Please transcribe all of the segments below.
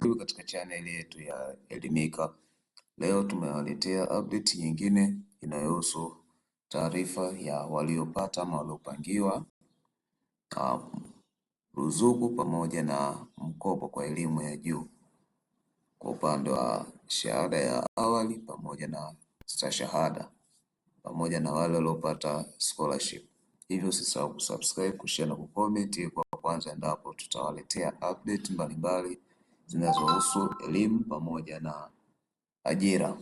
Karibu katika channel yetu ya Elimika. Leo tumewaletea update nyingine inayohusu taarifa ya waliopata ama waliopangiwa um, ruzuku pamoja na mkopo kwa elimu ya juu kwa upande wa shahada ya awali pamoja na stashahada pamoja na wale waliopata scholarship. Hivyo usisahau kusubscribe, kushare na kucomment kwa kwanza, endapo tutawaletea update mbalimbali zinazohusu elimu pamoja na ajira.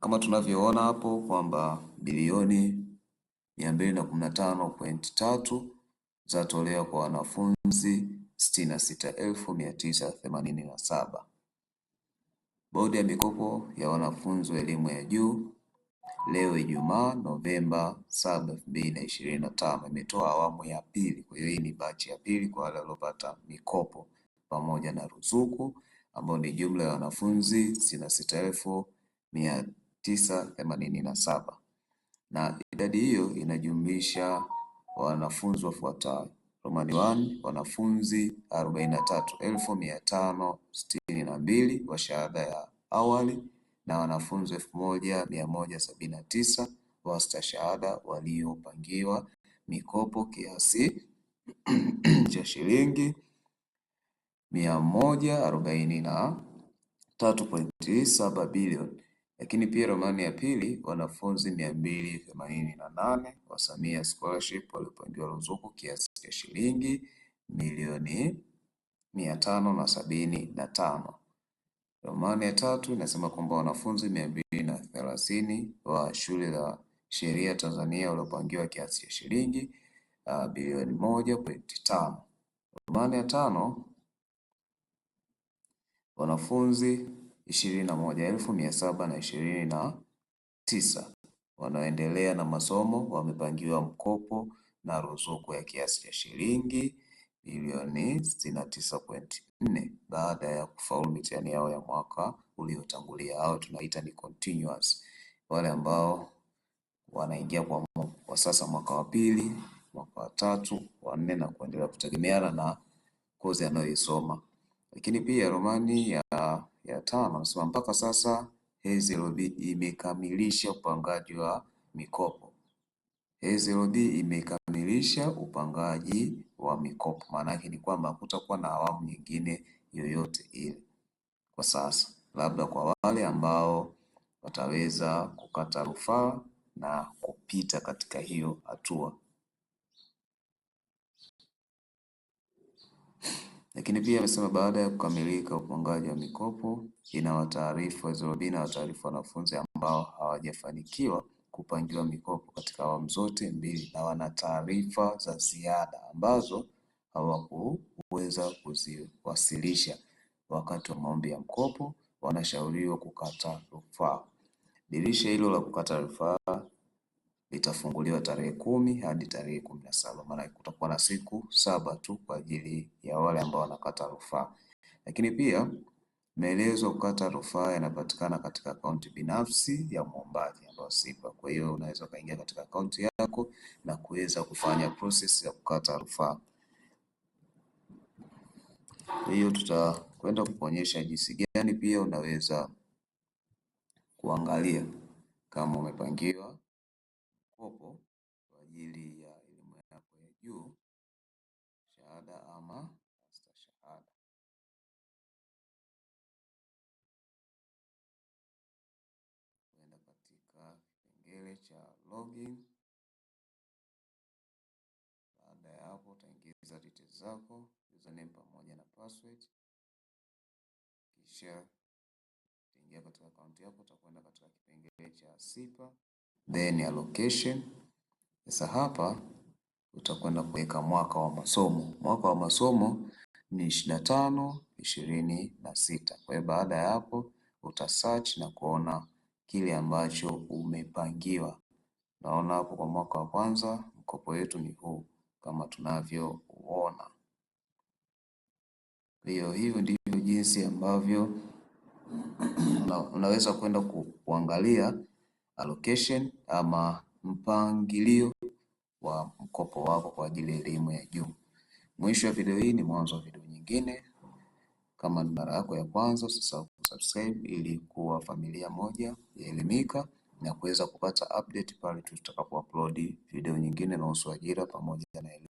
Kama tunavyoona hapo kwamba bilioni mia mbili na kumi na tano pointi tatu zatolewa kwa wanafunzi sitini na sita elfu mia tisa themanini na saba. Bodi ya mikopo ya wanafunzi wa elimu ya juu leo Ijumaa Novemba saba 2025 na ishirini na tano imetoa awamu ya pili. Kwa hiyo hii ni bachi ya pili kwa wale waliopata mikopo pamoja na ruzuku ambao ni jumla ya wanafunzi sitini na sita elfu mia tisa themanini na saba na idadi hiyo inajumlisha wanafunzi wafuatao: Romani 1 wanafunzi 43562 elfu na mbili wa shahada ya awali na wanafunzi elfu moja tisa wa stashahada waliopangiwa mikopo kiasi cha shilingi mia moja arobaini na tatu pointi saba bilioni, lakini pia ramani ya pili wanafunzi mia mbili themanini na nane wa Samia Scholarship waliopangiwa ruzuku kiasi cha shilingi milioni mia tano na sabini na tano. Ramani ya tatu inasema kwamba wanafunzi mia mbili na thelathini wa shule za sheria Tanzania waliopangiwa kiasi cha shilingi uh, bilioni moja pointi tano. Ramani ya tano Wanafunzi 21729 wanaoendelea na masomo wamepangiwa mkopo na ruzuku ya kiasi cha shilingi milioni 69.4 baada ya kufaulu mitihani yao ya mwaka uliotangulia, hao tunaita ni continuous. Wale ambao wanaingia kwa, kwa sasa mwaka wa pili, mwaka wa tatu, wa nne na kuendelea kutegemeana na kozi anayoisoma. Lakini pia Romani ya, ya tano anasema mpaka sasa HESLB imekamilisha upangaji wa mikopo. HESLB imekamilisha upangaji wa mikopo, maana yake ni kwamba hakutakuwa na awamu nyingine yoyote ile kwa sasa, labda kwa wale ambao wataweza kukata rufaa na kupita katika hiyo hatua. Lakini pia amesema baada ya kukamilika upangaji wa mikopo inawataarifu wazirobini awataarifu wanafunzi ambao hawajafanikiwa kupangiwa mikopo katika awamu zote mbili na wana taarifa za ziada ambazo hawakuweza kuziwasilisha wakati wa maombi ya mkopo wanashauriwa kukata rufaa. Dirisha hilo la kukata rufaa litafunguliwa tarehe kumi hadi tarehe kumi na saba maana kutakuwa na siku saba tu kwa ajili ya wale ambao wanakata rufaa. Lakini pia maelezo ya kukata rufaa yanapatikana katika akaunti binafsi ya mwombaji ambayo SIPA. Kwa hiyo unaweza ukaingia katika akaunti yako na kuweza kufanya process ya kukata rufaa. hiyo tutakwenda kuonyesha jinsi gani pia unaweza kuangalia kama umepangiwa juu shahada ama shahada Unaenda katika kipengele cha login. Baada ya hapo, utaingiza details zako username pamoja na password, kisha utaingia katika akaunti yako, utakwenda katika kipengele cha sipa then location. Sasa hapa utakwenda kuweka mwaka wa masomo. Mwaka wa masomo ni ishirini na tano ishirini na sita. Kwa hiyo baada ya hapo search na kuona kile ambacho umepangiwa. Naona hapo kwa mwaka wa kwanza mkopo wetu ni huu kama tunavyouona. Hiyo hivyo ndivyo jinsi ambavyo una, unaweza kwenda kuangalia allocation ama mpangilio wa mkopo wako kwa ajili ya elimu ya juu. Mwisho wa video hii ni mwanzo wa video nyingine. Kama ni mara yako ya kwanza, usisahau kusubscribe ili kuwa familia moja ya Elimika na kuweza kupata update pale tutakapo upload video nyingine inahusu ajira pamoja na elimu.